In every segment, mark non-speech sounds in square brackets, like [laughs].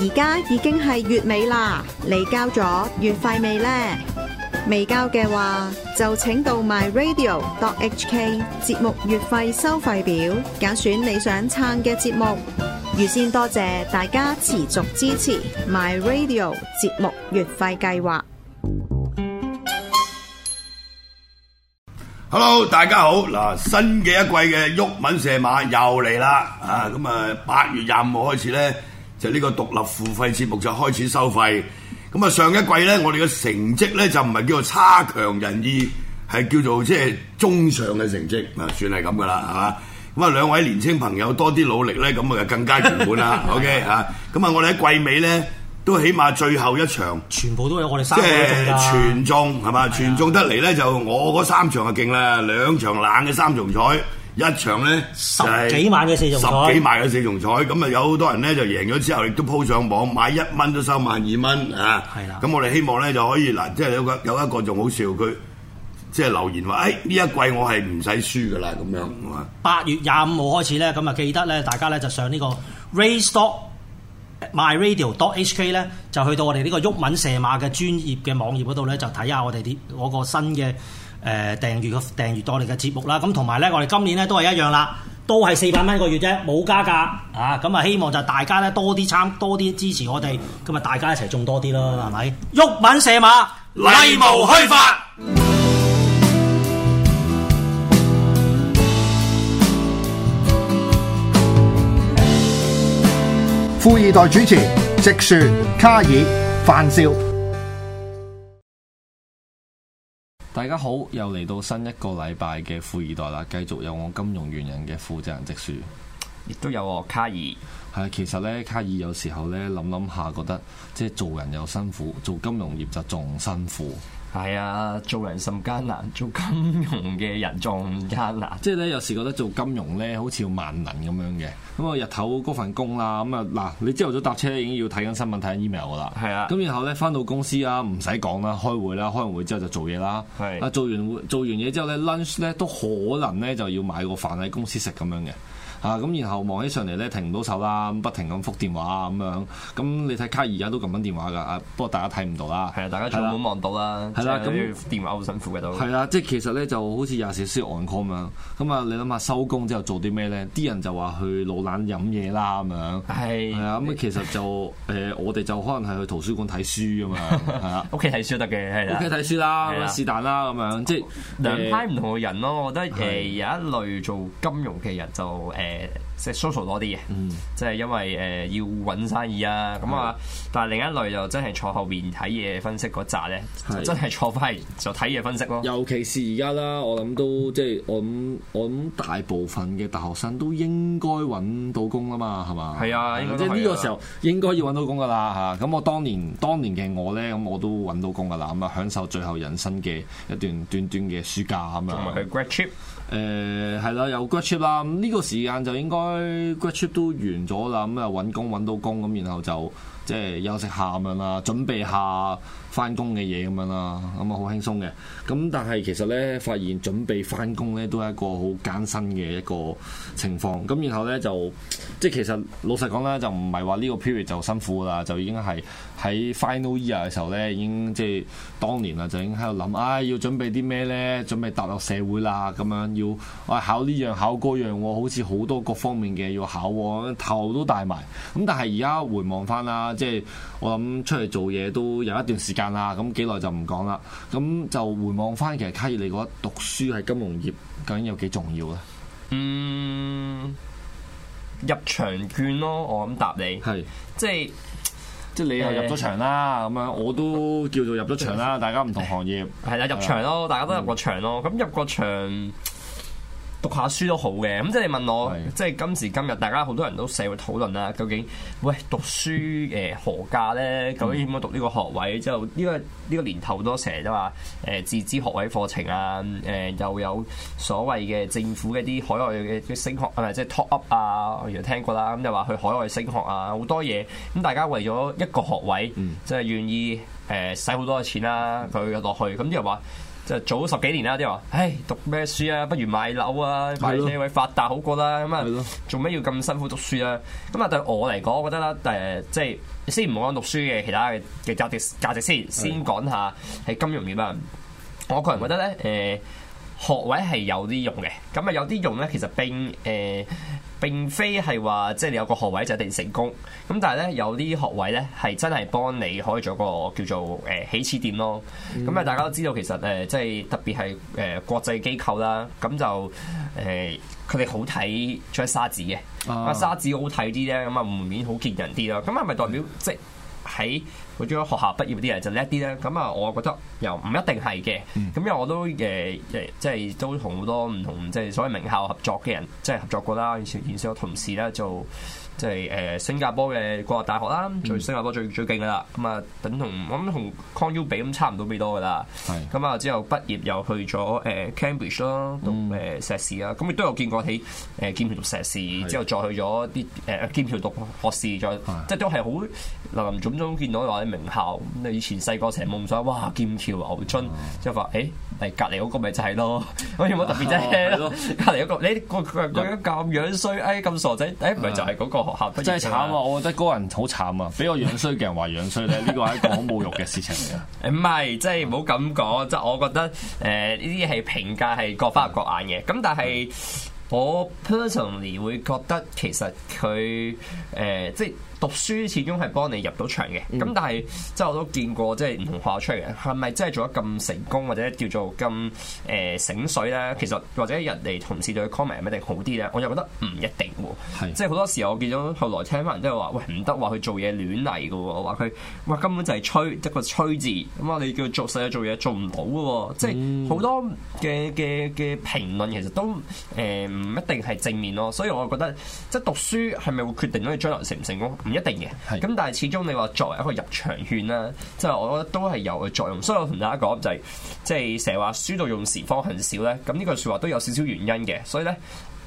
而家已經係月尾啦，你交咗月費未呢？未交嘅話，就請到 My Radio 點 HK 節目月費收費表，揀選你想撐嘅節目。預先多謝大家持續支持 My Radio 節目月費計劃。Hello，大家好，嗱新嘅一季嘅鬱文社馬又嚟啦啊！咁啊，八月廿五號開始咧。就呢個獨立付費節目就開始收費，咁啊上一季呢，我哋嘅成績呢，就唔係叫做差強人意，係叫做即係中上嘅成績啊，算係咁噶啦，係嘛？咁啊兩位年青朋友多啲努力呢，咁啊就更加圓滿啦。OK 啊，咁啊我哋喺季尾呢，都起碼最後一場，全部都有我哋三場都中㗎，全中係嘛？是啊、全中得嚟呢，就我嗰三場就勁啦，兩場冷嘅三場賽， [laughs] 一場咧十幾萬嘅四,四重彩，十幾萬嘅四重彩，咁啊有好多人咧就贏咗之後，亦都鋪上網買一蚊都收萬二蚊啊！係啦，咁我哋希望咧就可以嗱，即係有個有一個仲好笑，佢即係留言話：誒呢、哎、一季我係唔使輸噶啦咁樣，八月廿五號開始咧，咁啊記得咧，大家咧就上個 my 呢個 raystock.myradio.hk 咧，就去到我哋呢個鬱文射馬嘅專業嘅網頁嗰度咧，就睇下我哋啲我個新嘅。誒、呃、訂閱嘅訂閱多你嘅節目啦，咁同埋咧，我哋今年咧都係一樣啦，都係四百蚊一個月啫，冇加價啊！咁啊，希望就大家咧多啲參多啲支持我哋，咁啊，大家一齊種多啲咯，係咪？玉敏射馬，禮無虛發。富易袋主持：直樹、卡爾、范少。大家好，又嚟到新一個禮拜嘅富易袋啦，繼續有我金融元人嘅負責人直樹，亦都有我、哦、卡爾。係，其實呢，卡爾有時候呢，諗諗下覺得，即係做人又辛苦，做金融業就仲辛苦。係啊，做人甚艱難，做金融嘅人仲艱難。嗯、即係呢，有時覺得做金融呢，好似要萬能咁樣嘅。咁啊，日頭嗰份工啦，咁啊，嗱，你朝頭早搭車已經要睇緊新聞、睇緊 email 噶啦，咁係啊，然後咧返到公司啊，唔使講啦，開會啦，開完會之後就做嘢啦，啊，係啊，做完做完嘢之後咧 lunch 咧都可能咧就要買個飯喺公司食咁樣嘅。啊咁，然後望起上嚟咧停唔到手啦，咁不停咁覆電話咁樣。咁你睇卡爾而家都撳緊電話噶，啊不過大家睇唔到啦。係啊，大家仲冇望到啦。係啦，咁電話好辛苦嘅都。係啦，即係其實咧就好似廿四小時 on call 咁樣。咁啊，你諗下收工之後做啲咩咧？啲人就話去老蘭飲嘢啦咁樣。係係啊咁其實就誒我哋就可能係去圖書館睇書啊嘛。係啦，屋企睇書得嘅，屋企睇書啦，是但啦咁樣。即係兩派唔同嘅人咯。我覺得誒有一類做金融嘅人就誒。誒，即係 social 多啲嘅，嗯、即係因為誒、呃、要搵生意啊，咁啊，但係另一類就真係坐後邊睇嘢，分析嗰扎咧，是的 就真係坐翻係就睇嘢分析咯。尤其是而家啦，我諗都即係我我諗大部分嘅大學生都應該搵到工啊嘛，係嘛？係啊，即係呢個時候應該要搵到工噶啦吓。咁、啊、我當年當年嘅我咧，咁我都搵到工噶啦，咁啊享受最後人生嘅一段短短嘅暑假咁啊嘛。誒係啦，有 grad trip 啦，咁呢個時間就應該 grad trip 都完咗啦，咁啊揾工揾到工咁，然後就。即係休息下咁樣啦，準備下翻工嘅嘢咁樣啦，咁啊好輕鬆嘅。咁但係其實呢，發現準備翻工呢都係一個好艱辛嘅一個情況。咁然後呢，就，即係其實老實講啦，就唔係話呢個 period 就辛苦啦，就已經係喺 final year 嘅時候呢，已經即係當年啦，就已經喺度諗，唉、哎，要準備啲咩呢？準備踏入社會啦，咁樣要我考呢樣考嗰樣，好似好多各方面嘅要考，頭都大埋。咁但係而家回望翻啦。即係我諗出嚟做嘢都有一段時間啦，咁幾耐就唔講啦。咁就回望翻，其實卡爾你覺得讀書喺金融業究竟有幾重要咧？嗯，入場券咯，我咁答你係，是即係是即係你又入咗場啦，咁樣、呃、我都叫做入咗場啦。呃、大家唔同行業，係啦，入場咯，的大家都入過場咯。咁、嗯、入過場。讀下書都好嘅，咁即係你問我，是即係今時今日，大家好多人都社會討論啦，究竟喂讀書誒、呃、何價咧？究竟點樣讀呢個學位？之後呢個呢個年頭好多成日都話誒、呃、自資學位課程啊，誒、呃、又有所謂嘅政府嘅啲海外嘅升學，唔、呃、係即係 top up 啊，原來聽過啦。咁又話去海外升學啊，好多嘢。咁大家為咗一個學位，即係、嗯、願意誒使好多錢啦、啊，佢落去。咁、嗯、啲人話。就早十幾年啦，即係話，唉讀咩書啊，不如買樓啊，的買車位發達好過啦，咁啊做咩要咁辛苦讀書啊？咁啊對我嚟講，我覺得啦，誒、呃、即係先唔好講讀書嘅，其他嘅嘅價值價值先，先講下係金融業啊，我個人覺得咧，誒、呃、學位係有啲用嘅，咁啊有啲用咧，其實並誒。呃並非係話即係你有個學位就一定成功，咁但係咧有啲學位咧係真係幫你可以做個叫做誒起始點咯。咁啊、嗯、大家都知道其實誒、呃、即係特別係誒國際機構啦，咁就誒佢哋好睇出沙紙嘅，啊、沙紙好睇啲咧，咁啊門面好見人啲咯。咁係咪代表即？喺佢中間學校畢業啲人就叻啲咧，咁啊，我覺得又唔一定係嘅。咁、嗯、因為我都誒誒、呃，即係都同好多唔同即係所謂名校合作嘅人，即係合作過啦。以前以前有同事咧就。即係誒新加坡嘅國立大學啦，最新加坡最最勁噶啦。咁啊，等同我諗同康 U 比咁差唔多幾多噶啦。咁啊之後畢業又去咗誒 Cambridge 咯，讀誒碩士啊。咁亦都有見過喺誒劍橋讀碩士，之後再去咗啲誒劍橋讀博士，再即係都係好林林總總見到話啲名校。咁你以前細個成日夢想，哇，劍橋牛津，之後話誒咪隔離嗰個咪就係咯，好似冇特別啫。隔離嗰個你個個樣咁樣衰，哎咁傻仔，哎唔係就係嗰個。真係慘啊！我覺得嗰人好慘啊，俾我樣衰嘅人話樣衰咧，呢個係一個好侮辱嘅事情嚟啊！ [laughs] 唔係，即係唔好咁講，即係我覺得誒呢啲係評價係各花各眼嘅。咁但係我 personally 會覺得其實佢誒、呃、即係。讀書始終係幫你入到場嘅，咁、嗯、但係即係我都見過即係唔同話出嚟嘅，係咪真係做得咁成功或者叫做咁誒、呃、醒水咧？其實或者人哋同事對佢 comment 一定好啲咧，我又覺得唔一定喎。是即係好多時我見到後來聽翻人都話：喂，唔得話去做嘢亂嚟嘅喎，話佢哇根本就係吹、就是，一個吹字咁啊！你叫佢做實做嘢做唔到嘅喎。即係好、嗯、多嘅嘅嘅評論其實都誒唔、呃、一定係正面咯。所以我覺得即係讀書係咪會決定到你將來成唔成功？唔一定嘅，咁是但係始終你話作為一個入場券啦，即、就、係、是、我覺得都係有嘅作用。所以我同大家講就係、是，即係成日話書到用時方恨少咧。咁呢句說話都有少少原因嘅。所以咧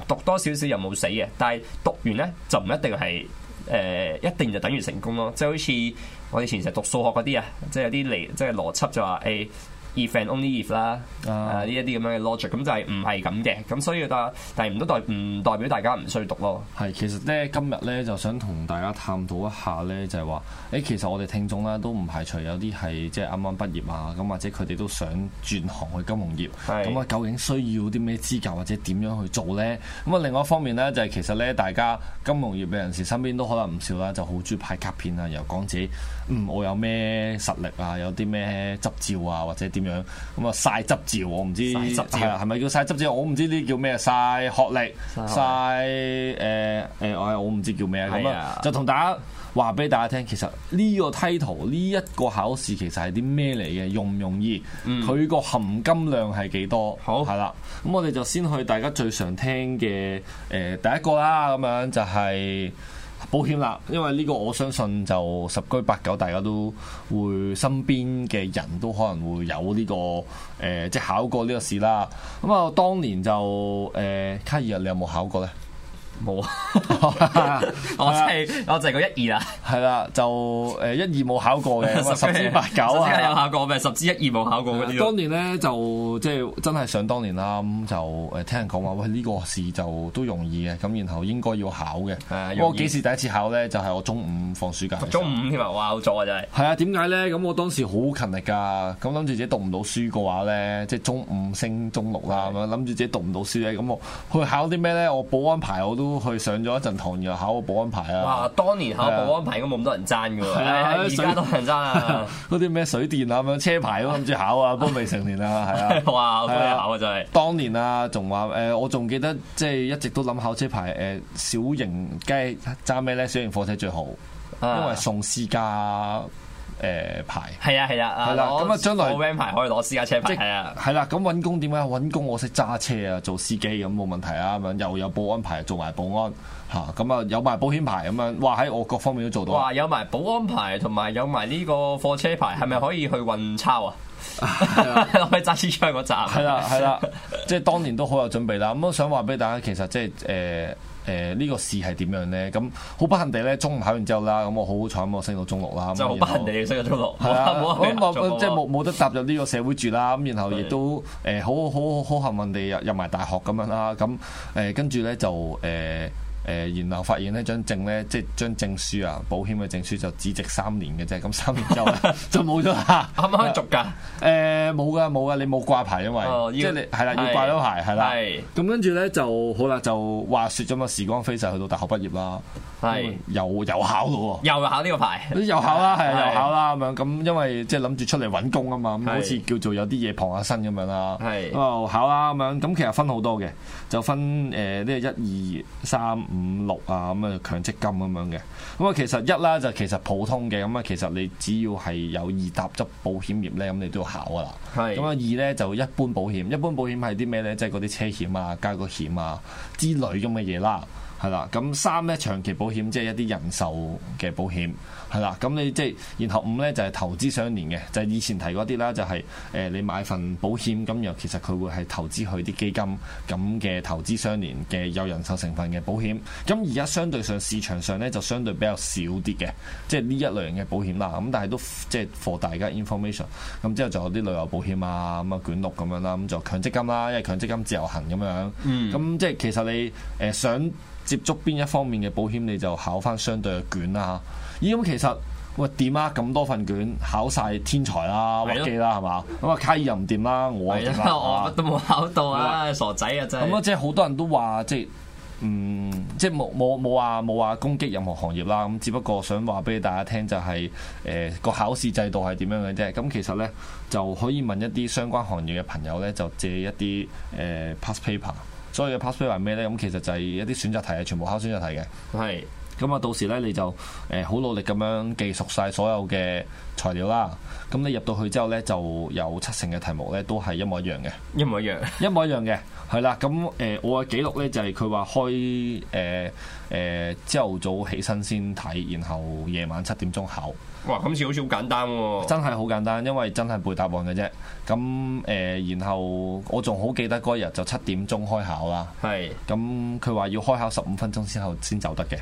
讀多少少又冇死嘅，但係讀完咧就唔一定係誒、呃、一定就等於成功咯。即係好似我哋以前成日讀數學嗰啲啊，即係有啲理即係邏輯就話誒。欸 if and only if 啦、uh, uh，啊呢一啲咁樣嘅 logic，咁就係唔係咁嘅，咁所以啊，但係唔都代唔代表大家唔需要讀咯。係其實咧今日咧就想同大家探討一下咧，就係、是、話誒其實我哋聽眾咧都唔排除有啲係即係啱啱畢業啊，咁或者佢哋都想轉行去金融業，咁啊是、嗯、究竟需要啲咩資格或者點樣去做咧？咁啊另外一方面咧就係、是、其實咧大家金融業嘅人士身邊都可能唔少啦，就好中意派卡片啊，又講自己嗯我有咩實力啊，有啲咩執照啊或者點。咁樣咁啊曬執照，我唔知係係咪要曬執照，我唔知呢啲叫咩曬學歷曬誒誒、呃呃，我我唔知叫咩咁啊。就同大家話俾大家聽，其實呢個 title，呢一個考試其實係啲咩嚟嘅，容唔容易？佢個、嗯、含金量係幾多？好係啦。咁我哋就先去大家最常聽嘅誒、呃、第一個啦，咁樣就係、是。保險啦，因為呢個我相信就十居八九，大家都會身邊嘅人都可能會有呢、呢個誒、呃，即係考過呢個試啦。咁、嗯、啊，當年就誒、呃，卡爾啊你有冇考過呢？冇啊！我真係我就係個一二啦，係啦，就誒一二冇考過嘅，十之八九啊，有考過咩？十之一二冇考過嘅。 [laughs] 當年咧就即係、就是、真係想當年啦，咁就誒聽人講話喂呢個試就都容易嘅，咁然後應該要考嘅。啊、我幾時第一次考咧？就係、是、我中五放暑假。中五添啊！哇，好早啊，真係。 [laughs] 係啊，點解咧？咁我當時好勤力噶，咁諗住自己讀唔到書嘅話咧，即係中五升中六啦，咁樣諗住自己讀唔到書咧，咁我去考啲咩咧？我保安牌我。都去上咗一陣堂，然後考個保安牌啊！哇，當年考保安牌應該冇咁多人爭嘅喎，而家多人爭啊！嗰啲咩水電啊、咁樣車牌都諗住考啊，都未 [laughs] 成年啊，係啊！哇，好難考啊，真係！當年啊，仲話誒，我仲記得即係一直都諗考車牌誒、呃，小型雞揸咩咧？小型貨車最好，啊、因為送私家。誒牌係啊係啊，係啦、嗯，咁啊、嗯、將來冇 van 牌可以攞私家車牌係啊，係啦，咁揾、嗯、工點啊？揾工我識揸車啊，做司機咁冇問題啊，咁又有保安牌做埋保安嚇，咁、嗯、啊有埋保險牌咁樣，哇！喺我各方面都做到，哇！有埋保安牌同埋有埋呢個貨車牌，係咪可以去運鈔啊？可以揸車出去嗰集係啦係啦，即係當年都好有準備啦。咁我想話俾大家，其實即係誒。呃誒呢、呃呢個事係點樣咧？咁好不幸地咧，中五考完之後啦，咁我好好彩，咁我升到中六啦。就好不幸地後升到中六。係啊，冇冇即係冇冇得踏入呢個社會住啦。咁然後亦都誒、呃、好好好，好幸運地入入埋大學咁樣啦。咁誒跟住咧就誒。呃誒，然後發現呢張證咧，即係張證書啊，保險嘅證書就只值三年嘅啫，咁三年之後就冇咗，啱啱可以續㗎？誒，冇㗎，冇㗎，你冇掛牌，因為即係你係啦，要掛咗牌係啦。咁跟住咧就好啦，就話説咗嘛，時光飛逝，去到大學畢業啦。係又又考到喎，又考呢個牌，又考啦，係又考啦咁樣。咁因為即係諗住出嚟揾工啊嘛，咁好似叫做有啲嘢傍下身咁樣啦。係咁考啦咁樣。咁其實分好多嘅，就分誒，呢個一二三。五六啊，咁啊強積金咁樣嘅，咁啊其實一啦就其實普通嘅，咁啊其實你只要係有二搭執保險業呢，咁你都要考噶啦。係，咁啊二呢，就一般保險，一般保險係啲咩呢？即係嗰啲車險啊、傢俱險啊之類咁嘅嘢啦。係啦，咁三咧長期保險即係一啲人壽嘅保險，係啦，咁你即係然後五咧就係、是、投資相連嘅，就係、是、以前提過啲啦，就係、是、誒、呃、你買份保險咁又其實佢會係投資佢啲基金咁嘅投資相連嘅有人壽成分嘅保險，咁而家相對上市場上咧就相對比較少啲嘅，即係呢一類型嘅保險啦，咁但係都即係 for 大家 information，咁之後仲有啲旅遊保險啊，咁啊捲入咁樣啦，咁就強積金啦，因為強積金自由行咁樣，嗯，咁即係其實你誒、呃、想。接觸邊一方面嘅保險你就考翻相對嘅卷啦咦，咁其實喂點、哎、啊咁多份卷考晒天才啦滑機的啦係嘛，咁啊卡爾又唔掂啦，我啦我都冇考到啊傻仔啊真係，咁啊即係好多人都話即係嗯即係冇冇冇話冇話攻擊任何行業啦，咁只不過想話俾大家聽就係誒個考試制度係點樣嘅啫，咁、嗯、其實咧就可以問一啲相關行業嘅朋友咧就借一啲誒 pass paper。呃所以嘅 past paper 係咩呢？咁其實就係一啲選擇題啊，全部考選擇題嘅。係是，咁啊到時呢，你就誒好努力咁樣記熟晒所有嘅材料啦。咁你入到去之後呢，就有七成嘅題目呢都係一模一樣嘅。一模一樣， [laughs] 一模一樣嘅。係啦，咁誒我嘅記錄呢就係佢話開誒誒朝頭早起身先睇，然後夜晚七點鐘考。哇！今次好似好簡單喎、哦，真係好簡單，因為真係背答案嘅啫。咁誒、呃，然後我仲好記得嗰日就七點鐘開考啦。係是，咁佢話要開考十五分鐘之後先走得嘅。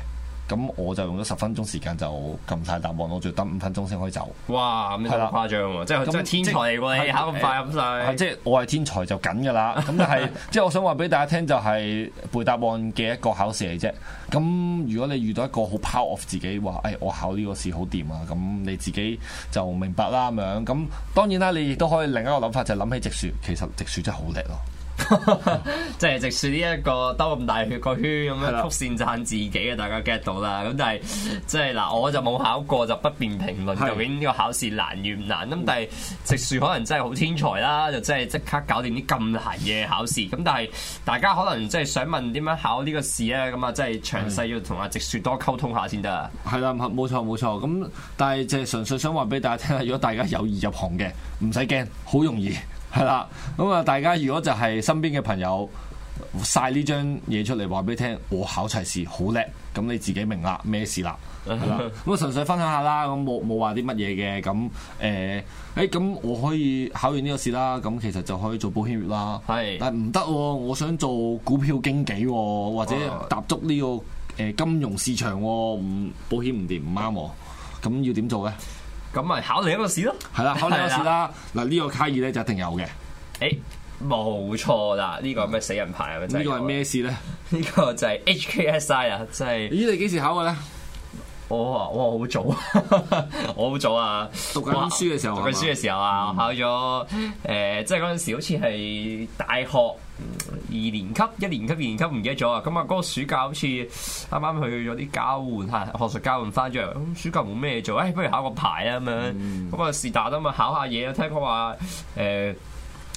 咁我就用咗十分鐘時間就撳晒答案，我仲要等五分鐘先可以走。哇！咁誇張喎、啊，的即係天才嚟喎，你、嗯、考咁快入曬。係即係我係天才就緊㗎啦。咁但係即係我想話俾大家聽，就係背答案嘅一個考試嚟啫。咁如果你遇到一個好 power of 自己話，誒、哎、我考呢個試好掂啊，咁你自己就明白啦咁樣。咁當然啦，你亦都可以另一個諗法就係、是、諗起直樹，其實直樹真係好叻咯。 [laughs] 即係直樹呢一個兜咁大血個圈咁樣曲線讚自己啊！是的 大家 get 到啦。咁但係即係嗱，我就冇考過，就不便評論究竟呢個考試難與唔難。咁但係直樹可能真係好天才啦，就真係即刻搞掂啲咁難嘅考試。咁但係大家可能即係想問點樣考呢個試啊？咁啊，即係詳細要同阿直樹多溝通下先得。係啦，冇錯冇錯。咁但係即係純粹想話俾大家聽啊！如果大家有意入行嘅，唔使驚，好容易。係啦，咁啊，大家如果就係身邊嘅朋友晒呢張嘢出嚟話俾你聽，我考齊試好叻，咁你自己明啦咩事啦？係啦，咁 [laughs] 純粹分享下啦，咁冇冇話啲乜嘢嘅。咁誒，誒咁、欸、我可以考完呢個試啦，咁其實就可以做保險業啦。係是，但係唔得，我想做股票經紀，啊、或者踏足呢個誒金融市場，啊，唔保險唔掂唔啱喎，咁、啊、要點做咧？咁咪考另一個試咯，係啦，考另一個試對啦。嗱，呢個卡爾咧就一定有嘅、欸。誒，冇錯啦，呢個咩死人牌啊？就是、呢個係咩事咧？呢 [laughs] 個就係 HKSI 啊，即係。咦？你幾時考嘅咧？我話：我好早， [laughs] 我好早啊！讀緊書嘅時候，讀緊哇書嘅時候啊，嗯、考咗誒、呃，即係嗰陣時好似係大學二年級、一年級、二年級，唔記得咗啊！咁啊，嗰個暑假好似啱啱去咗啲交換，學術交換翻咗，咁暑假冇咩做，誒、哎，不如考個牌啊。咁樣，咁啊是但啊嘛，考下嘢啊，聽講話誒。呃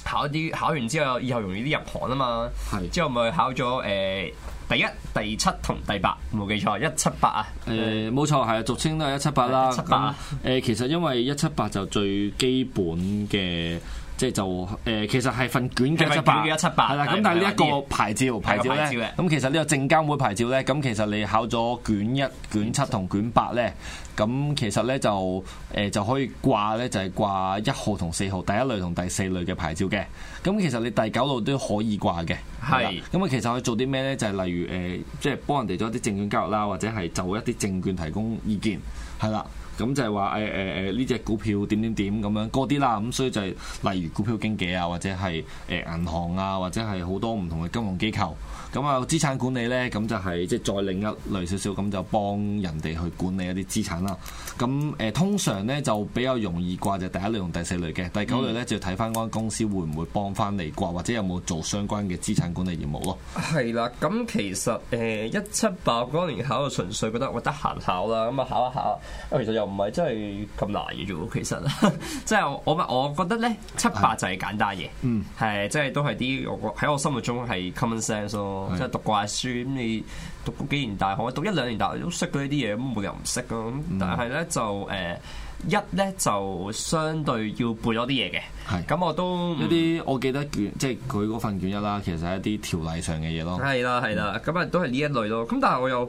考啲考完之後，以後容易啲入行啊嘛。係之後咪考咗誒、欸、第一、第七同第八，冇記錯一七八啊。誒冇、呃、錯，係啊，俗稱都係一七八啦。嗯、七八誒、呃、其實因為一七八就最基本嘅。即係就誒、呃，其實係份卷嘅，8，是是卷嘅一七八。係啦的，咁但係呢一個牌照，的牌照咧，咁的其實呢個證監會牌照咧，咁其實你考咗卷一、卷七同卷八咧，咁其實咧就誒、呃、就可以掛咧，就係、是、掛一號同四號，第一類同第四類嘅牌照嘅。咁其實你第九類都可以掛嘅。係啦，咁啊的，其實可以做啲咩咧？就係、是、例如誒，即、呃、係、就是、幫人哋做一啲證券交易啦，或者係就一啲證券提供意見。係啦。咁就係話，誒誒誒，呢隻股票點點點咁樣高啲啦，咁所以就係、是、例如股票經紀啊，或者係誒、欸、銀行啊，或者係好多唔同嘅金融機構。咁啊，資產管理咧，咁就係即係再另一類少少，咁就幫人哋去管理一啲資產啦。咁誒、呃，通常咧就比較容易掛，就是、第一類同第四類嘅，第九類咧就要睇翻嗰間公司會唔會幫翻你掛，或者有冇做相關嘅資產管理業務咯。係啦，咁其實誒、呃、一七八嗰年考，純粹覺得我得閒考啦，咁啊考一考，其實又唔係真係咁難嘅啫，其實，即 [laughs] 係我我覺得咧，七八就係簡單嘢，嗯，係即係都係啲喺我心目中係 common sense 咯。即係讀怪書咁，你讀幾年大學，讀一兩年大學都識到呢啲嘢，咁冇理由唔識噶。但係咧就誒、呃、一咧就相對要背咗啲嘢嘅。咁是我都嗰啲我記得卷，即係佢嗰份卷一啦，其實係一啲條例上嘅嘢咯。係啦係啦，咁啊、嗯、都係呢一類咯。咁但係我又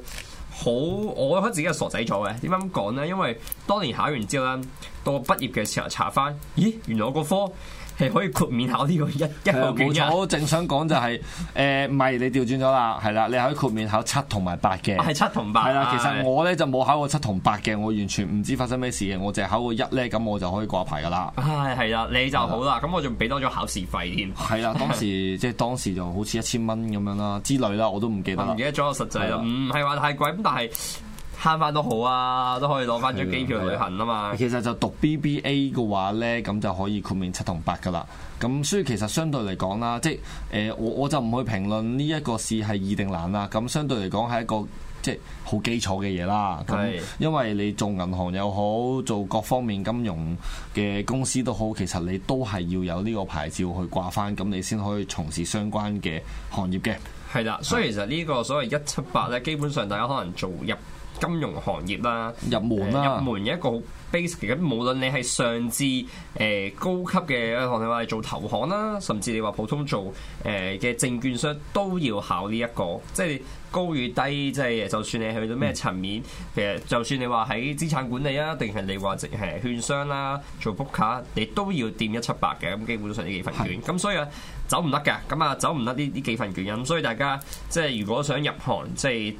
好，我覺得自己係傻仔咗嘅。點解咁講咧？因為當年考完之後咧，到我畢業嘅時候查翻，咦，原來我個科～係可以豁免考呢個一的一個卷，我正想講就係、是、誒，唔、欸、係你調轉咗啦，係啦，你可以豁免考七同埋八嘅，係七同八。係啦的，的其實我咧就冇考過七同八嘅，我完全唔知發生咩事嘅，我淨係考過一咧，咁我就可以掛牌噶啦。係係啦，你就好啦，咁的我仲俾多咗考試費添。係啦，當時即係的當時就好似一千蚊咁樣啦，之類啦，我都唔記得啦，唔記得咗實際啦，唔係話太貴咁，但係。慳返都好啊，都可以攞翻張機票去旅行啊嘛。其實就讀 BBA 嘅話呢，咁就可以豁免七同八噶啦。咁所以其實相對嚟講啦，即係我、呃、我就唔去評論呢一個試係易定難啦。咁相對嚟講係一個即係好基礎嘅嘢啦。咁因為你做銀行又好，做各方面金融嘅公司都好，其實你都係要有呢個牌照去掛翻，咁你先可以從事相關嘅行業嘅。係啦，所以其實呢個所謂一七八呢，嗯、基本上大家可能做入金融行業啦，入門啦、啊，入門一個 basic 嚟緊。無論你係上至誒高級嘅，我你話係做投行啦，甚至你話普通做誒嘅證券商，都要考呢、這、一個。即係高與低，即係就算你去到咩層面，嗯、其實就算你話喺資產管理啊，定係你話即係券商啦，做 book 卡，你都要掂一七八嘅。咁基本上呢幾份卷，咁的所以啊，走唔得嘅。咁啊，走唔得呢呢幾份卷。咁所以大家即係如果想入行，即係。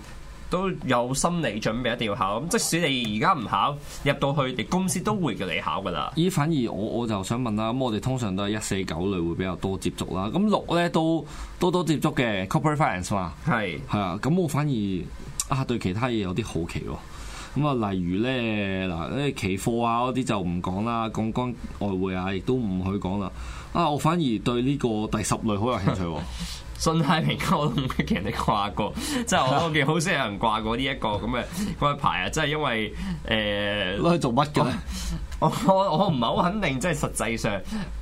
都有心理準備一定要考，咁即使你而家唔考入到去，你公司都會叫你考噶啦。咦？反而我我就想問啦，咁我哋通常都係一四九類會比較多接觸啦，咁六咧都多多接觸嘅 Corporate Finance 嘛，係係是啊。咁我反而啊對其他嘢有啲好奇喎、哦。咁啊，例如咧嗱，咧、啊、期貨啊嗰啲就唔講啦，槓桿外匯啊亦都唔去講啦。啊，我反而對呢個第十類好有興趣喎、哦。 [laughs] 信貸平交我都唔記得人哋掛過，即係我見好少有人掛過呢一個咁嘅嗰一牌啊！即係 [laughs] 因為誒攞去做乜嘅？ [laughs] 我我唔係好肯定，即係實際上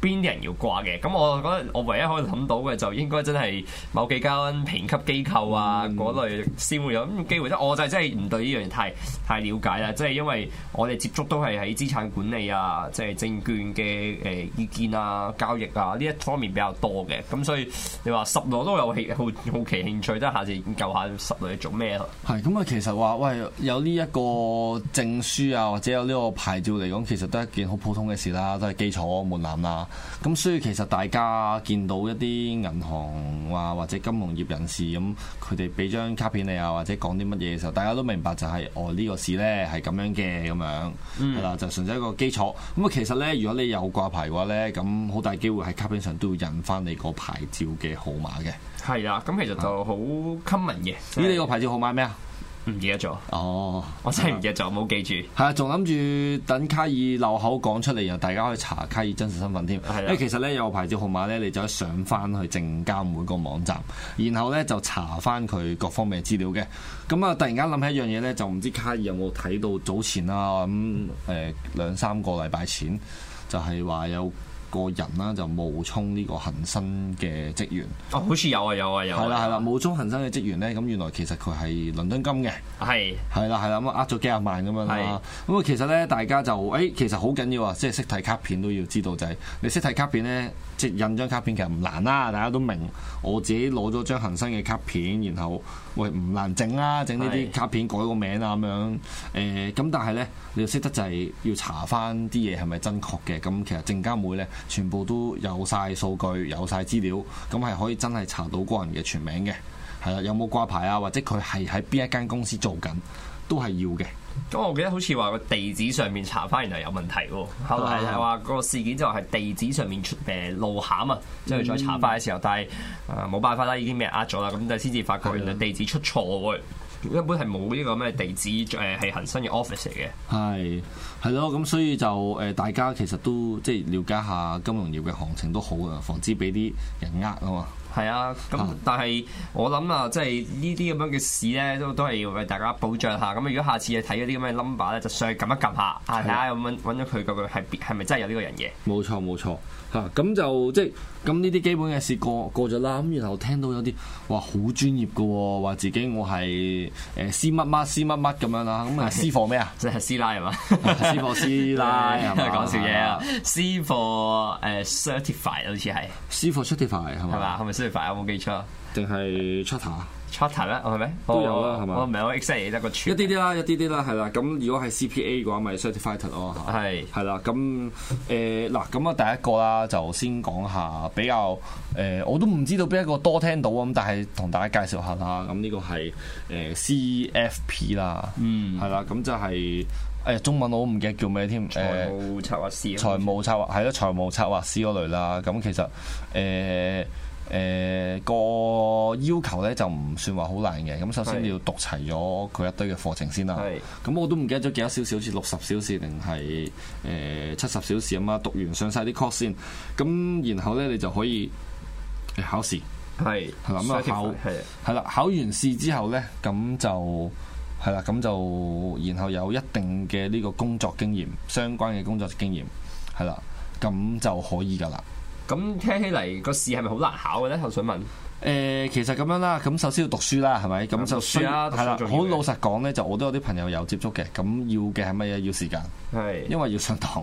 邊啲人要掛嘅。咁我覺得我唯一可以諗到嘅就應該真係某幾間評級機構啊嗰、嗯、類先會有咁嘅機會。即係我就真係唔對呢樣嘢太太了解啦。即係因為我哋接觸都係喺資產管理啊，即係證券嘅誒意見啊、交易啊呢一方面比較多嘅。咁所以你話十類都有興好好奇興趣，即下次研究下十類做咩咯？係咁啊，其實話喂，有呢一個證書啊，或者有呢個牌照嚟講。其都係一件好普通嘅事啦，都係基礎門檻啦。咁所以其實大家見到一啲銀行話、啊、或者金融業人士咁，佢哋俾張卡片你啊，或者講啲乜嘢嘅時候，大家都明白就係、是、哦、這個、呢個事呢係咁樣嘅咁樣，係啦、嗯，就純粹一個基礎。咁啊，其實呢，如果你有掛牌嘅話呢，咁好大機會喺卡片上都要印翻你個牌照嘅號碼嘅。係啦，咁其實就好 common 嘅。啊就是、咦，你呢個牌照號碼係咩啊？唔記得咗哦，我真係唔記得咗，冇記住。係啊，仲諗住等卡爾漏口講出嚟，然後大家可以查卡爾真實身份添。因誒，其實咧有個牌照號碼咧，你就可以上翻去證監會個網站，然後咧就查翻佢各方面資料嘅。咁啊，突然間諗起一樣嘢咧，就唔知卡爾有冇睇到早前啦，咁誒兩三個禮拜前就係話有個人啦，就冒充呢個恒生嘅職員。哦，好似有啊，有啊，有啊。係啦，係啦，冒充恒生嘅職員咧，咁原來其實佢係倫敦金嘅。係的。係啦，係啦，咁啊呃咗幾廿萬咁樣啦。咁啊的、欸，其實咧，大家就誒，其實好緊要啊，即係識睇卡片都要知道就係、是，你識睇卡片咧，即係印張卡片其實唔難啦，大家都明。我自己攞咗張恒生嘅卡片，然後。喂，唔難整啦，整呢啲卡片是改個名啊咁樣，誒、呃、咁但係呢，你要識得就係要查翻啲嘢係咪真確嘅？咁其實證監會呢，全部都有晒數據，有晒資料，咁係可以真係查到個人嘅全名嘅，係啦，有冇掛牌啊，或者佢係喺邊一間公司做緊，都係要嘅。咁我記得好似話個地址上面查翻，原來有問題喎。後來係話個事件就係地址上面出誒路餡啊，之後、嗯、再查翻嘅時候，但係誒冇辦法啦，已經俾人呃咗啦。咁就先至發覺原來地址出錯喎，根本係冇呢個咩地址誒係恒生嘅 office 嘅。係係咯，咁所以就誒大家其實都即係了解下金融業嘅行情都好啊，防止俾啲人呃啊嘛。係啊，咁但係我諗啊，即係呢啲咁樣嘅事咧，都都係要為大家保障下。咁如果下次要睇嗰啲咁嘅 number 咧，就上去撳一撳下，啊是的，睇下有冇揾到佢嘅係，係咪真係有呢個人嘅？冇錯，冇錯。嚇咁、啊、就即係咁呢啲基本嘅事過過咗啦，咁然後聽到有啲嘩，好專業嘅喎，話自己我係誒師乜乜師乜乜咁樣啦，咁啊師傅咩啊？即係師奶係嘛？師傅師奶係咪講笑嘢啊？師傅誒 certify 好似係師傅 certified 係嘛？係咪 certify 有冇記錯定係 chartered Cert 係咪都有啦，係嘛嗎？唔係我 exactly 得個全一啲啲啦，一啲啲啦，係啦。咁如果係 CPA 嘅話，咪、就是、certified 咯、哦。係係是啦。咁誒嗱，咁、呃、啊第一個啦，就先講下比較誒、呃，我都唔知道邊一個多聽到咁，但係同大家介紹下啦。咁呢個係誒、呃、CFP 啦，嗯，係啦。咁就係、是、誒、哎、中文我唔記得叫咩添、嗯，財務策劃師。財務策劃係咯，財務策劃師嗰類啦。咁其實誒。呃嗯嗯誒、呃那個要求咧就唔算話好難嘅，咁首先要讀齊咗佢一堆嘅課程先啦。咁是我都唔記得咗幾多少小時，好似六十小時定係誒七十小時咁啊。讀完上晒啲 course 先，咁然後咧你就可以、欸、考試。係是，咁啊考係啦，考完試之後咧，咁就係啦，咁就然後有一定嘅呢個工作經驗，相關嘅工作經驗係啦，咁就可以㗎啦。咁聽起嚟個試係咪好難考嘅咧？我想問，誒，其實咁樣啦，咁首先要讀書啦，係咪？咁、嗯、讀書係啦，好老實講咧，就我都有啲朋友有接觸嘅。咁要嘅係乜嘢？要時間，係，因為要上堂，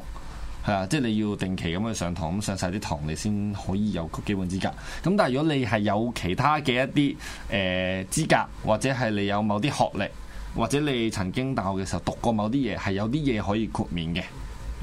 係啊，即係你要定期咁去上堂，咁上晒啲堂，你先可以有基本資格。咁但係如果你係有其他嘅一啲誒資格，或者係你有某啲學歷，或者你曾經大學嘅時候讀過某啲嘢，係有啲嘢可以豁免嘅。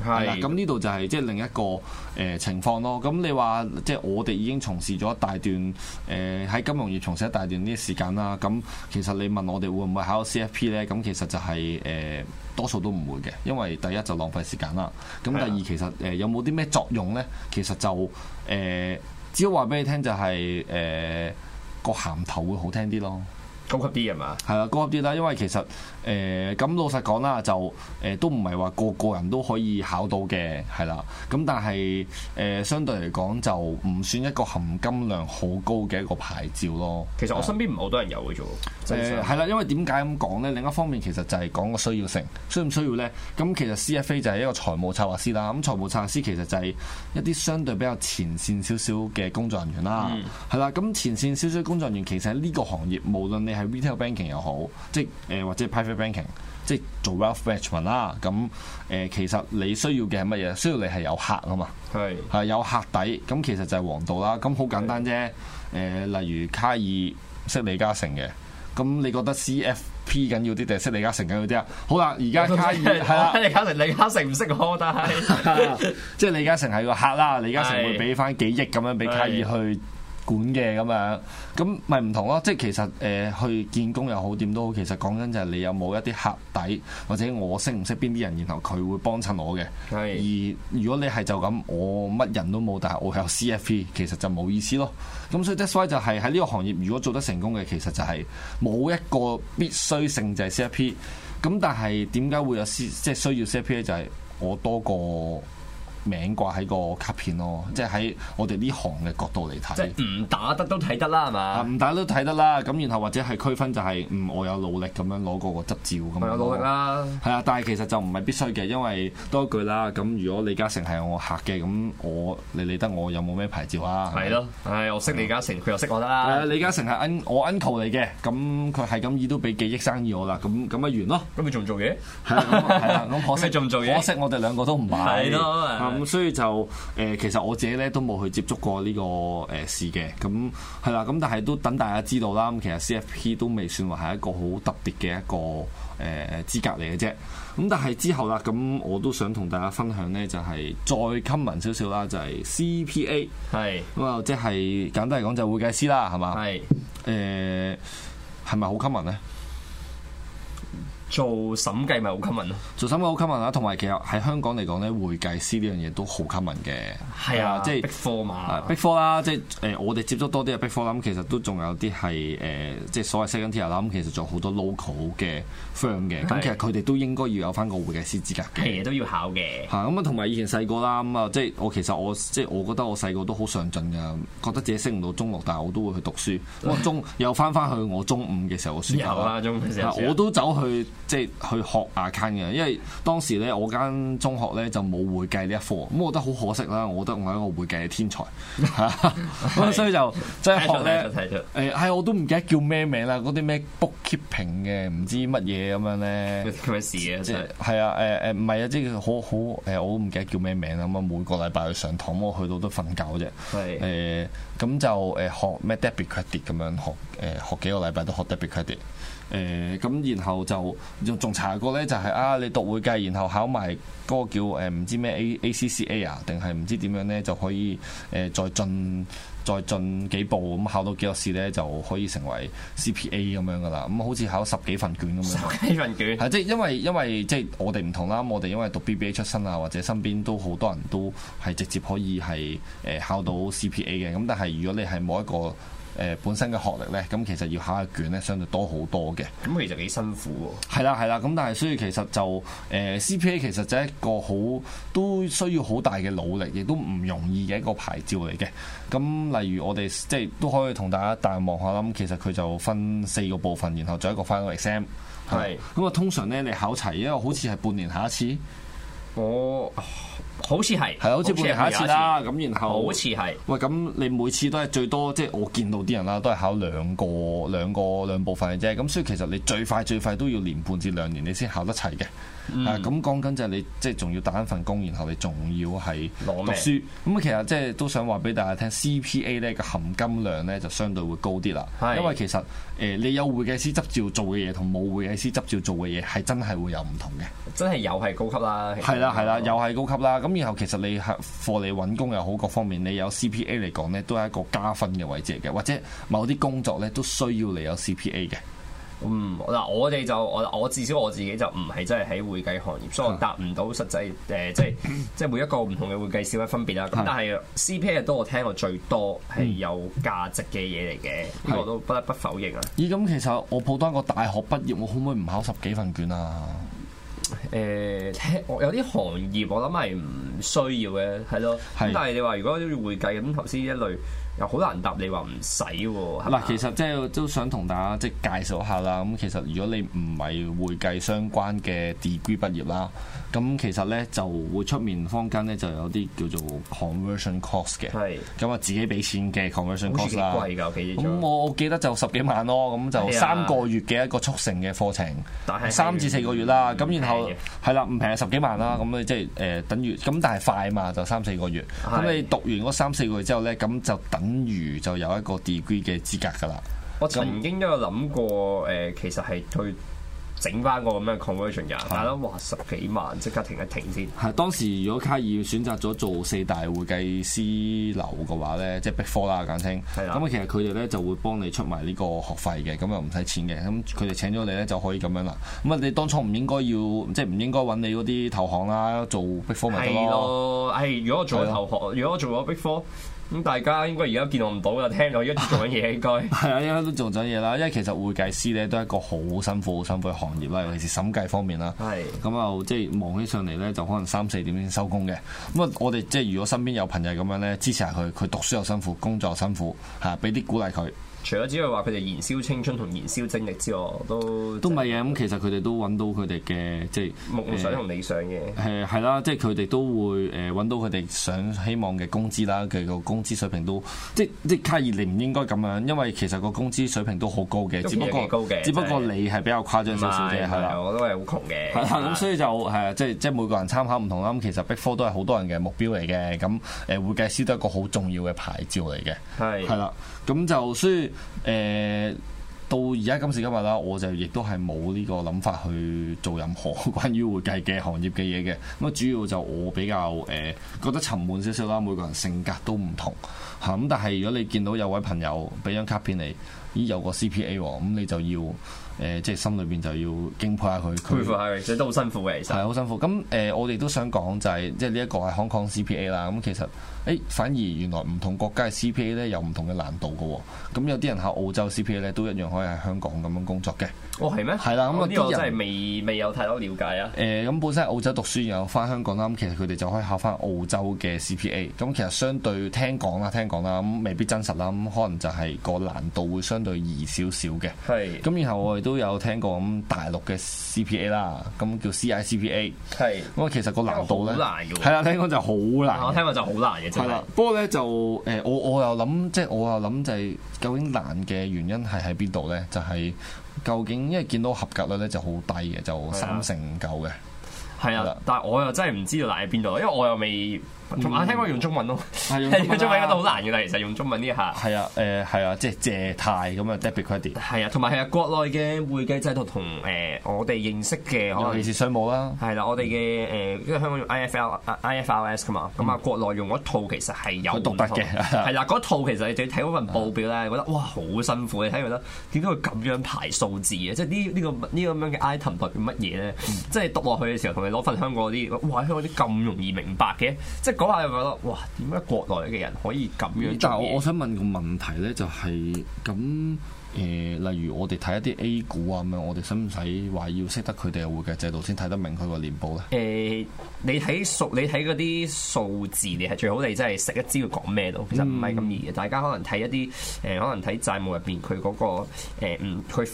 係啦，咁呢度就係即係另一個誒、呃、情況咯。咁你話即係我哋已經從事咗一大段誒喺、呃、金融業從事一大段呢啲時間啦。咁其實你問我哋會唔會考到 C F P 呢？咁其實就係、是、誒、呃、多數都唔會嘅，因為第一就浪費時間啦。咁第二是的 其實誒有冇啲咩作用呢？其實就誒、呃、只要話俾你聽就係誒個銜頭會好聽啲咯。高級啲係嘛？係啦，高級啲啦，因為其實誒咁、呃、老實講啦，就誒、呃、都唔係話個個人都可以考到嘅，係啦。咁但係誒、呃、相對嚟講就唔算一個含金量好高嘅一個牌照咯。其實我身邊唔係好多人有嘅啫。誒係啦，因為點解咁講呢？另一方面其實就係講個需要性，需唔需要呢？咁其實 CFA 就係一個財務策劃師啦。咁財務策劃師其實就係一啲相對比較前線少少嘅工作人員啦。係啦、嗯，咁前線少少工作人員其實喺呢個行業，無論你係 retail banking 又好，即係誒、呃、或者 private banking，即係做 wealth management 啦。咁、嗯、誒、呃，其實你需要嘅係乜嘢？需要你係有客啊嘛，係係是、啊、有客底。咁其實就係王道啦。咁好簡單啫。誒是、呃，例如卡爾識李嘉誠嘅，咁你覺得 CFP 緊要啲定係識李嘉誠緊要啲啊？好啦，而 [laughs] 了 [laughs] 家卡爾係啦，李嘉誠李嘉誠唔識我，但係即係李嘉誠係個客啦。李嘉誠會俾翻幾億咁樣俾卡爾去。是 [laughs] 管嘅咁樣，咁咪唔同咯。即係其實誒、呃、去見工又好，點都好，其實講緊就係你有冇一啲客底，或者我識唔識邊啲人，然後佢會幫襯我嘅。係的。而如果你係就咁，我乜人都冇，但係我有 C F P，其實就冇意思咯。咁所以 that's why 就係喺呢個行業，如果做得成功嘅，其實就係冇一個必須性就係 C F P。咁但係點解會有 C，即係需要 C F P？就係、是、我多過。名掛喺個卡片咯，即係喺我哋呢行嘅角度嚟睇，即係唔打得都睇得啦，係嘛、啊？唔打得都睇得啦。咁然後或者係區分就係、是嗯，我有努力咁樣攞過個執照咁。我，我有努力啦。係啊，但係其實就唔係必須嘅，因為多一句啦。咁如果李嘉誠係我客嘅，咁我你理得我有冇咩牌照啊？係咯、啊吧哎，我識李嘉誠，佢又、啊、識我啦、啊啊。李嘉誠係 un, 我 uncle 嚟嘅，咁佢係咁易都俾幾億生意我啦，咁咁咪完咯。咁咪仲做嘢？係 [laughs] 啊，咁可惜仲做嘢。 [laughs] 可惜我哋兩個都唔買。係咯、 [laughs] 啊。咁、嗯、所以就誒、呃，其實我自己咧都冇去接觸過呢、這個誒、呃、事嘅，咁係啦，咁但係都等大家知道啦。咁其實 C F P 都未算話係一個好特別嘅一個誒、呃、資格嚟嘅啫。咁但係之後啦，咁我都想同大家分享呢，就係、是、再 common 少少啦，就係 C P A 係咁啊，即係簡單嚟講就會計師啦，係嘛？係誒是，係咪好 common 咧？是。做審計咪好吸引咯，做審計好吸引啦，同埋其實喺香港嚟講咧，會計師呢樣嘢都好吸引嘅，係啊，即係 big four 嘛，big four 啦，即係誒我哋接觸多啲嘅 big four，咁其實都仲有啲係誒，即係所謂 second tier 啦，其實仲有好多 local 嘅 firm 嘅，咁其實佢哋都應該要有翻個會計師資格，係都要考嘅，咁啊，同埋以前細個啦，咁啊，即係我其實我即係我覺得我細個都好上進嘅，覺得自己升唔到中六，但係我都會去讀書，我中又翻翻去我中五嘅時候，我暑假啊，中五嘅時候我都走去。即係去學 account 嘅，因為當時咧我間中學咧就冇會計呢一科，咁、嗯、我覺得好可惜啦。我覺得我係一個會計嘅天才，咁 [laughs] [laughs] 所以就即係學咧誒，係我都唔記得叫咩名啦，嗰啲咩 bookkeeping 嘅，唔知乜嘢咁樣咧。佢咩事啊？即係係啊誒誒，唔係啊，即係好好誒，我唔記得叫咩名啦。咁啊每個禮拜去上堂，咁我去到都瞓覺啫。係誒咁就誒學咩 debit credit 咁樣學誒學幾個禮拜都學 debit credit 誒、嗯、咁、嗯，然後就。嗯嗯仲仲查過呢、就是，就係啊，你讀會計，然後考埋嗰個叫誒、呃、唔知咩 A C C A 啊，定係唔知點樣呢，就可以誒、呃、再進再進幾步，咁考到幾多試呢，就可以成為 C P A 咁樣㗎喇。咁、嗯、好似考十幾份卷咁樣。十幾份卷。係，即係因為因為即係我哋唔同啦，我哋因為讀 B B A 出身啊，或者身邊都好多人都係直接可以係誒、呃、考到 C P A 嘅。咁但係如果你係冇一個。誒、呃、本身嘅學歷呢，咁其實要考下卷呢，相對多好多嘅。咁其實幾辛苦喎。係啦係啦，咁但係所以其實就誒、呃、CPA 其實就一個好都需要好大嘅努力，亦都唔容易嘅一個牌照嚟嘅。咁例如我哋即係都可以同大家大望下諗，其實佢就分四個部分，然後再一個 final exam。係咁啊，通常呢，你考齊，因為好似係半年考一次。我。好似係，係咯，好似半年考一次啦，咁然後好似係。後喂，咁你每次都係最多，即係我見到啲人啦，都係考兩個兩個兩部分嘅啫。咁所以其實你最快最快都要年半至兩年，你先考得齊嘅。啊，咁講緊就係你，即係仲要打一份工，然後你仲要係讀書。咁其實即係都想話俾大家聽，CPA 咧個含金量咧就相對會高啲啦。是因為其實誒，你有會計師執照做嘅嘢，同冇會計師執照做嘅嘢，係真係會有唔同嘅。真係又係高級啦，係啦係啦，又係高級啦。咁然後其實你係貨你揾工又好，各方面你有 CPA 嚟講咧，都係一個加分嘅位置嚟嘅，或者某啲工作咧都需要你有 CPA 嘅。嗯，嗱，我哋就我我至少我自己就唔係真係喺會計行業，啊、所以我答唔到實際誒，呃、 [laughs] 即係即係每一個唔同嘅會計師嘅分別啦。嗯、但係 CPA 都我聽過最多係有價值嘅嘢嚟嘅，呢、嗯、個都不得不否認啊！咦，咁、嗯、其實我普通一個大學畢業，我可唔可以唔考十幾份卷啊？誒、呃，有啲行業我諗係唔需要嘅，係咯。的但係你話如果會計咁頭先一類。又好難答你話唔使喎。嗱，其實即係都想同大家即係介紹一下啦。咁其實如果你唔係會計相關嘅 degree 畢業啦，咁其實咧就會出面坊間咧就有啲叫做 conversion cost 嘅。係是。咁啊自己俾錢嘅 conversion cost 啦。好似係幾貴嘅。咁我記得就十幾萬咯，咁就三個月嘅一個速成嘅課程。但係、啊。三至四個月啦，咁、啊、然後係啦，唔平、啊、十幾萬啦。咁、啊、你即係誒等於咁，但係快嘛，就三四個月。咁、啊、你讀完嗰三四個月之後咧，咁就等。等於就有一個 degree 嘅資格㗎啦。我曾經都有諗過，誒、呃，其實係去整翻個咁樣 conversion 嘅，的但係都話十幾萬，即刻停一停先。係當時如果卡爾選擇咗做四大會計師樓嘅話咧，即係逼科啦簡稱。係啦，咁啊的其實佢哋咧就會幫你出埋呢個學費嘅，咁又唔使錢嘅。咁佢哋請咗你咧就可以咁樣啦。咁啊你當初唔應該要，即係唔應該揾你嗰啲投行啦做逼科咪得咯？係如果我做咗投行，如果我做咗逼科。咁大家應該而家見到唔到，又聽到而家做緊嘢，應該係啊，而家都做緊嘢啦。因為其實會計師咧都係一個好辛苦、好辛苦嘅行業啦，尤其是審計方面啦。係咁又即係忙起上嚟咧，就可能三四點先收工嘅。咁啊，我哋即係如果身邊有朋友咁樣咧，支持下佢，佢讀書又辛苦，工作又辛苦嚇，俾啲鼓勵佢。除咗只係話佢哋燃燒青春同燃燒精力之外，都都唔係嘢。咁其實佢哋都揾到佢哋嘅即係夢想同理想嘅。誒係啦，即係佢哋都會誒揾到佢哋想希望嘅工資啦，佢個工資水平都即係即卡爾，你唔應該咁樣，因為其實個工資水平都好高嘅，只不過只不過你係比較誇張少少嘅係啦。我都係好窮嘅係啦，咁所以就係即係即係每個人參考唔同啦。咁其實 Big 4都係好多人嘅目標嚟嘅。咁誒會計師都係一個好重要嘅牌照嚟嘅係係啦。咁就所以誒、呃，到而家今時今日啦，我就亦都係冇呢個諗法去做任何關於會計嘅行業嘅嘢嘅。咁主要就我比較誒、呃、覺得沉悶少少啦。每個人性格都唔同嚇。咁但係如果你見到有位朋友俾張卡片你，咦，有個 CPA 喎，咁你就要誒、呃、即係心裏邊就要敬佩下佢。佩服下佢，其實都好辛苦嘅，其實係好辛苦。咁誒、呃，我哋都想講就係、是、即係呢一個係 Hong Kong CPA 啦。咁其實。誒反而原來唔同國家嘅 CPA 咧有唔同嘅難度嘅喎、哦，咁有啲人考澳洲 CPA 咧都一樣可以喺香港咁樣工作嘅。哦，係咩？係啦、啊，咁有啲人真係未、嗯、未有太多了解啊。誒、嗯，咁本身喺澳洲讀書，然後翻香港啦，咁其實佢哋就可以考翻澳洲嘅 CPA。咁其實相對聽講啦，聽講啦，咁未必真實啦，咁可能就係個難度會相對易少少嘅。係是。咁然後我哋都有聽過咁、嗯、大陸嘅 CPA 啦，咁叫 CICPA。係。咁其實個難度咧，係啦，聽講就好難。我 [laughs] [laughs] 聽講就好難嘅。 [laughs] 係啦，對對吧 不過咧就誒，我我又諗，即、就、係、是、我又諗就係究竟難嘅原因係喺邊度咧？就係、是、究竟因為見到合格率咧就好低嘅，就三對吧 成九嘅。係啊，但係我又真係唔知道難喺邊度，因為我又未。同埋聽講用中文咯， [laughs] 用中文嗰度好難嘅啦。其實用中文呢下，係啊，誒、呃、係啊，即係借貸咁啊，Debt Equity 啊，同埋係啊，國內嘅會計制度同誒、呃、我哋認識嘅尤其是似商務啦。係啦、啊，我哋嘅誒因為香港用 I F L、啊、I F R S 噶嘛，咁啊、嗯、國內用一套其實係有獨特嘅。係 [laughs] 啦、啊，嗰套其實你就睇嗰份報表咧，你覺得哇好辛苦，你睇覺得點解佢咁樣排數字嘅？即係呢呢個呢咁、這個這個、樣嘅 item 代表乜嘢咧？即係、嗯、讀落去嘅時候，同你攞份香港啲，哇！香港啲咁容易明白嘅，即嗰下又覺得哇！點解國內嘅人可以咁樣？但係我我想問個問題咧、就係，就係咁誒，例如我哋睇一啲 A 股啊咁樣，我哋使唔使話要，要識得佢哋嘅會計制度先睇得明佢個年報咧？誒、呃，你睇數，你睇嗰啲數字你係最好，你真係食一知佢講咩囉，其實唔係咁易嘅。嗯、大家可能睇一啲誒、呃，可能睇債務入邊佢嗰個誒佢。呃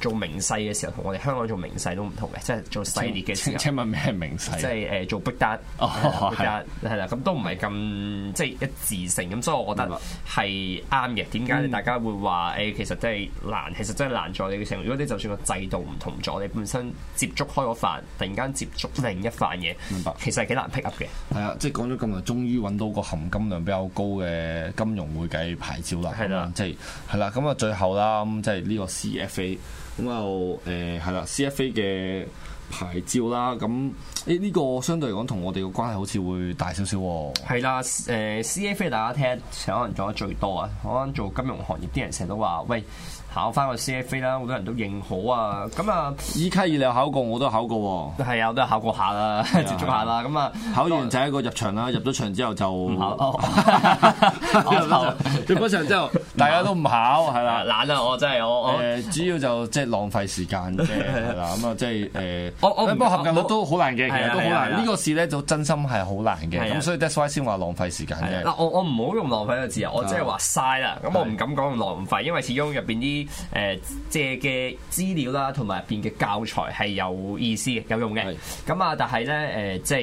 做名勢嘅時候同我哋香港做名勢都唔同嘅，即係做細列嘅時候。請問咩名勢？即係誒做畢丹，畢丹係啦，咁都唔係咁即係一致性，咁所以我覺得係啱嘅。點解大家會話誒？其實真係難，其實真係難在你嘅成。如果你就算個制度唔同咗，你本身接觸開嗰範，突然間接觸另一範嘢，明白？其實係幾難 pick up 嘅。係啊，即係講咗咁耐，終於揾到個含金量比較高嘅金融會計牌照啦。係啦，即係係啦，咁啊最後啦，咁即係呢個 CFA。咁就誒係啦，CFA 嘅牌照啦，咁呢呢個相對嚟講同我哋嘅關係好似會大少少喎。係啦，誒、呃、CFA 大家聽，成日可能做得最多啊，可能做金融行業啲人成日都話喂。考翻個 CFA 啦，好多人都認可啊。咁啊，依家二你有考過，我都考過喎。係啊，我都考過下啦，接觸下啦。咁啊，考完就係一個入場啦。入咗場之後就入咗場之後大家都唔考，係啦，懶啊！我真係我誒，主要就即係浪費時間啫，係啦。咁啊，即係誒。我我不過合格率都好難嘅，其實都好難。呢個試咧就真心係好難嘅。咁所以 that's why 先話浪費時間嘅。嗱，我我唔好用浪費嘅字啊，我即係話嘥啦。咁我唔敢講浪費，因為始終入邊啲。誒，借嘅資料啦，同埋入邊嘅教材係有意思嘅，有用嘅。咁啊是的，但係咧，誒、就是，即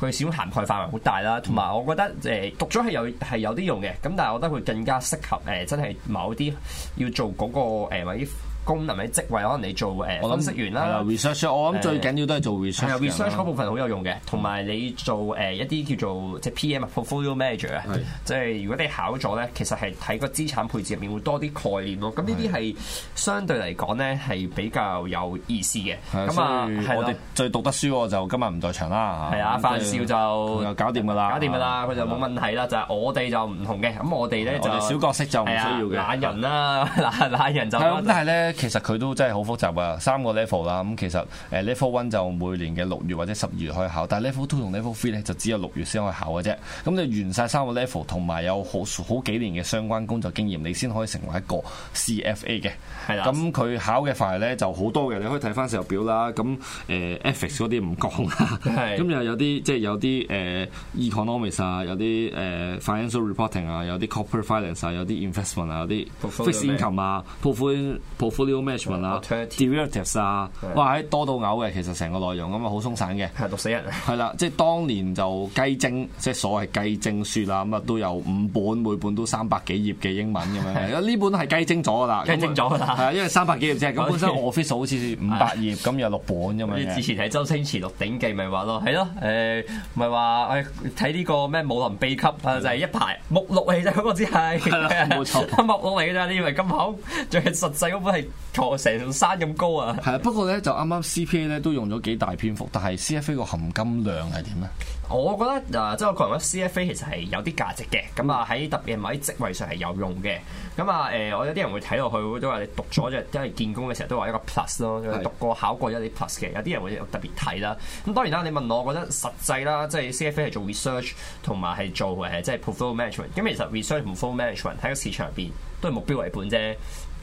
係佢小涵蓋範圍好大啦。同埋，我覺得誒、呃，讀咗係有係有啲用嘅。咁，但係我覺得佢更加適合誒、呃，真係某啲要做嗰、那個誒，或、呃、者。功能嘅職位，可能你做誒分析員啦。係啦，research，我諗最緊要都係做 research。research 嗰部分好有用嘅，同埋你做誒一啲叫做即係 P.M. portfolio manager 啊。即係如果你考咗咧，其實係睇個資產配置入面會多啲概念咯。咁呢啲係相對嚟講咧係比較有意思嘅。咁啊，我哋最讀得書我就今日唔在場啦。係啊，發少就搞掂㗎啦，搞掂㗎啦，佢就冇問題啦。就係我哋就唔同嘅，咁我哋咧就係小角色就唔需要嘅懶人啦，懶人就係但係咧。其實佢都真係好複雜啊，三個 level 啦，咁其實誒 level one 就每年嘅六月或者十二月可以考，但係 level two 同 level three 咧就只有六月先可以考嘅啫。咁你完晒三個 level，同埋有好好幾年嘅相關工作經驗，你先可以成為一個 CFA 嘅。係啦的，咁佢考嘅範圍咧就好多嘅，你可以睇翻時候表啦。咁誒 ethics 嗰啲唔講啦，咁、呃、是的 [laughs] 又有啲即係有啲誒、呃、economics 啊，有啲誒 financial reporting 啊，有啲 corporate finance 啊，有啲 investment 啊，有啲 fixed income 啊，portfolio portfolio 啲 derivatives 啊，哇 [noise] 喺樂多到嘔嘅，其實成個內容咁啊，好鬆散嘅，讀死人係啦。即係當年就雞精，即係所謂雞精書啦。咁啊，都有五本，每本都三百幾頁嘅英文咁樣。呢對本係雞精咗㗎啦，雞精咗㗎啦。係啊我，因為三百幾頁啫。咁 [laughs] 本身 official 份數好似五百頁，咁 [laughs] 有六本咁樣。你之前係周星馳《鹿鼎記》咪話咯？係咯，誒咪話誒睇呢個咩武林秘笈就係、是、一排目錄嚟啫，嗰個只係冇錯，目錄嚟嘅咋，你以為咁好？最近實際嗰本係。坐成山咁高啊！係啊，不過咧就啱啱 C P A 咧都用咗幾大篇幅，但係 C F A 個含金量係點咧？我覺得啊，即、呃、係我個人覺得 C F A 其實係有啲價值嘅。咁啊，喺特別係喺職位上係有用嘅。咁啊，誒、呃，我有啲人會睇落去，都話你讀咗就因為見工嘅時候都係一個 plus 咯是，你讀過考過一啲 plus 嘅。有啲人會特別睇啦。咁當然啦，你問我，我覺得實際啦，即係 C F A 係做 research 同埋係做誒，即係 portfolio management。咁其實 research 同 portfolio management 喺個市場入邊都係目標為本啫。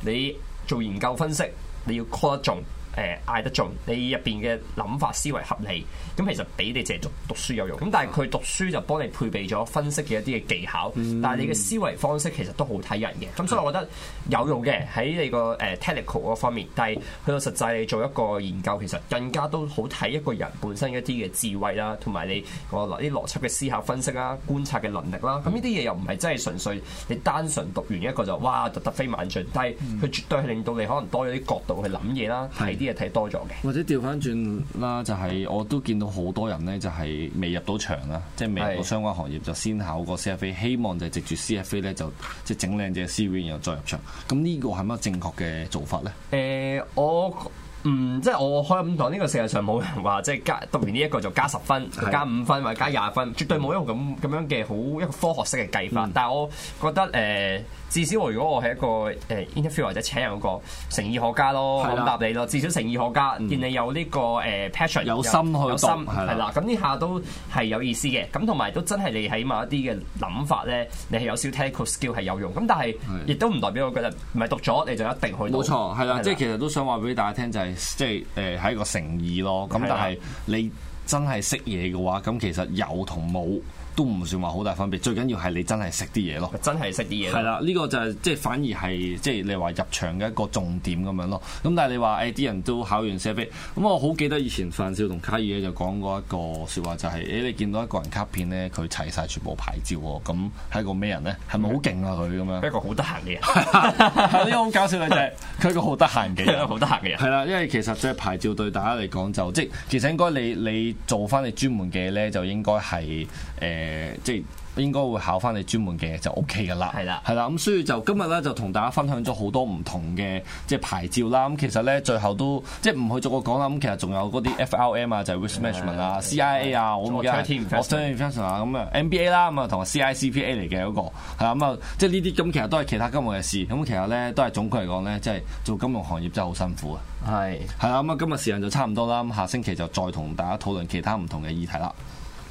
你。做研究分析，你要 call 得重。誒嗌、呃、得中，你入邊嘅諗法思維合理，咁、嗯、其實俾你淨係讀讀書有用，咁但係佢讀書就幫你配備咗分析嘅一啲嘅技巧，嗯、但係你嘅思維方式其實都好睇人嘅，咁、嗯啊、所以我覺得有用嘅喺你個誒 technical 嗰個方面，但係去到實際做一個研究，其實更加都好睇一個人本身一啲嘅智慧啦，同埋你個啲邏輯嘅思考分析啦、觀察嘅能力啦，咁呢啲嘢又唔係真係純粹你單純讀完一個就哇就突，突飛猛進，但係佢絕對係令到你可能多咗啲角度去諗嘢啦。啊嗯嗯啲嘢睇多咗嘅，或者調翻轉啦，就係、是、我都見到好多人咧，就係未入到場啦，即係未入到相關行業是的 就先考個 CFA，希望就係藉住 CFA 咧就即係整靚隻 CV，然後再入場。咁呢個係乜正確嘅做法咧？誒、呃，我唔、嗯、即係我開五堂，呢、這個世界上冇人話即係加讀完呢一個就加十分、加五分或者加廿分，絕對冇一個咁咁樣嘅好、嗯、一個科學式嘅計法。嗯、但係我覺得誒。呃至少我如果我係一個誒 interview、er，或者請人嗰個誠意可嘉咯，講的答你咯。至少誠意可嘉，見、嗯、你有呢個誒 passion，有心去讀。係啦，咁呢下都係有意思嘅。咁同埋都真係你起碼一啲嘅諗法咧，你係有少 technical skill 係有用。咁但係亦都唔代表我覺得唔係讀咗你就一定去。冇錯，係啦。即係其實都想話俾大家聽、就是，就係、是、即係誒係一個誠意咯。咁但係你真係識嘢嘅話，咁其實有同冇。都唔算話好大分別，最緊要係你真係識啲嘢咯，真咯，啊，真係識啲嘢。係啦，呢個就係即係反而係即係你話入場嘅一個重點咁樣咯。咁但係你話誒啲人都考完寫飛，咁我好記得以前範少同卡爾就講過一個説話，就係、是、誒你見到一個人卡片呢，佢齊晒全部牌照喎，咁係個咩人呢？係咪好勁啊佢咁樣？一個好得閒嘅人，呢個 [laughs] 好搞笑嘅就係佢一個好得閒嘅人，好得閒嘅人，係啦，因為其實即係牌照對大家嚟講就即其實應該你你做翻你專門嘅咧，就應該係。誒，即係應該會考翻你專門嘅就 O K 嘅啦，係啦，係啦，咁所以就今日咧就同大家分享咗好多唔同嘅即係牌照啦，咁其實咧最後都即係唔去逐個講啦，咁其實仲有嗰啲 F R M 啊，就係 Risk Management 啊，C I A 啊，CIA，我唔記得，我相信 f 啊，咁啊 N B A 啦，咁啊同埋 C I C P A 嚟嘅嗰、那個，係啊，咁、嗯、啊即係呢啲咁其實都係其他金融嘅事，咁其實咧都係總括嚟講咧，即係做金融行業真係好辛苦啊，係的，係啦，咁、嗯、啊今日時間就差唔多啦，咁下星期就再同大家討論其他唔同嘅議題啦。